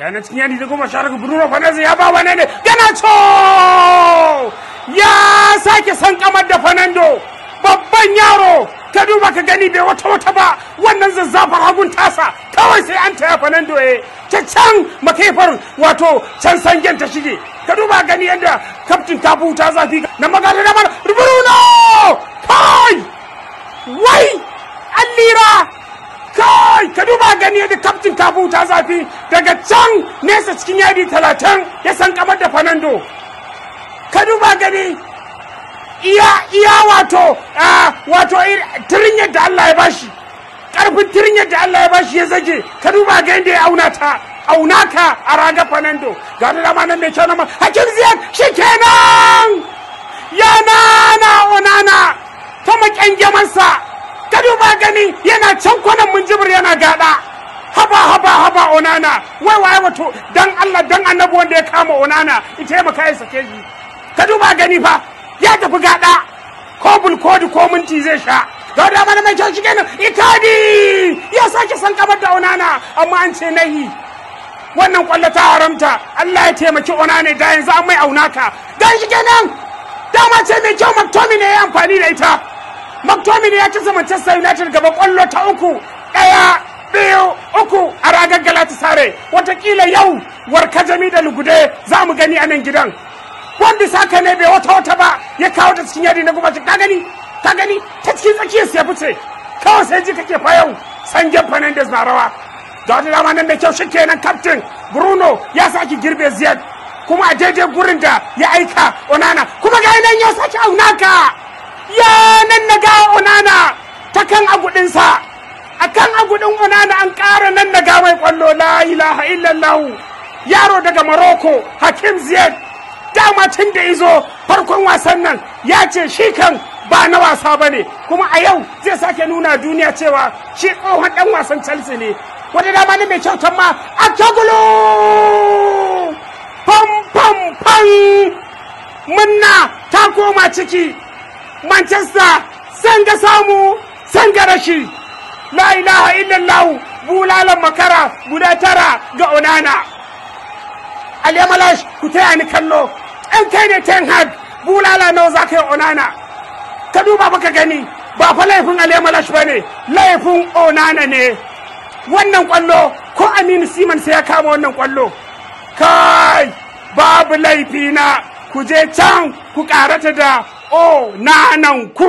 yana cikin yadda goma sha daga bruno fernandes ya ba wane ne ganacho ya sake san kamar da fernando babban yaro ka duba ka gani bai wata wata ba wannan zazzafar hagun tasa kawai sai an taya fernando ya eh. ta can makaifar wato can sangen ta shige ka duba gani yadda kaftin ta buta zafi na magana da rubu kawai ka duba gani yadda kaftin kafin ta zafi daga can nesa cikin yadi talatin ya san kamar da fanando ka duba gani iya iya wato wato tirinyar da Allah ya bashi karfin tirinyar da Allah ya bashi ya zage ka duba gani da ya auna ta auna ka a raga fanando ga da dama nan mai kyau na ma hakim ziyar shi kenan ya nana onana oh ta makyan ba gani yana can kwanan mun yana gada haba haba haba onana wai waye wato dan Allah dan annabi wanda ya kama onana in taimaka ya sake shi ka duba gani fa ya tafi gada ko kodi ko minti zai sha ga da mana mai kyau nan, itadi ya sake san kabar da onana amma an ce nahi wannan kwallo ta haramta Allah ya taimaki onana da yanzu an mai aunaka dan nan, dama ce mai kyau maktomi ne ya amfani da ita McTominay ya ci Manchester United gaba kwallo ta uku ɗaya biyu uku a ragar Galatasaray watakila yau warka jami da lugude za mu gani a nan gidan wanda saka ne bai wata wata ba ya kawo ta cikin yadi na gumacin ka gani ka gani ta cikin tsakiyar ya fice kawai sai ji kake fa yau sangen Fernandes na rawa da wata dama nan da kyau shi nan captain Bruno ya saki girbe Ziyad kuma a daidai gurin da ya aika Onana kuma ga nan ya saki Aunaka ya nan na ga unana ta kan agudinsa a kan agudin unana an ƙara nan na ga mai kwallo la ilaha illallah yaro daga maroko hakim ziyad dama tun da izo farkon wasan nan ya ce shi kan ba na wasa ba ne kuma a yau zai sake nuna duniya cewa shi tsohon dan wasan chelsea ne wani dama ne mai kyautar ma a kyagulu pam pam pam munna ta koma ciki manchester san ga samu san ga rashi la ilaha illallah bulalan makara guda tara ga onana alyamalash ku taya ni kallo an kai ne ten had bulala nawa za ka yi onana ka duba baka gani ba fa laifin alyamalash ba ne laifin onana ne wannan kwallo ko aminu siman sai ya kama wannan kwallo kai babu laifi na ku je can ku karata da Oh, na não cu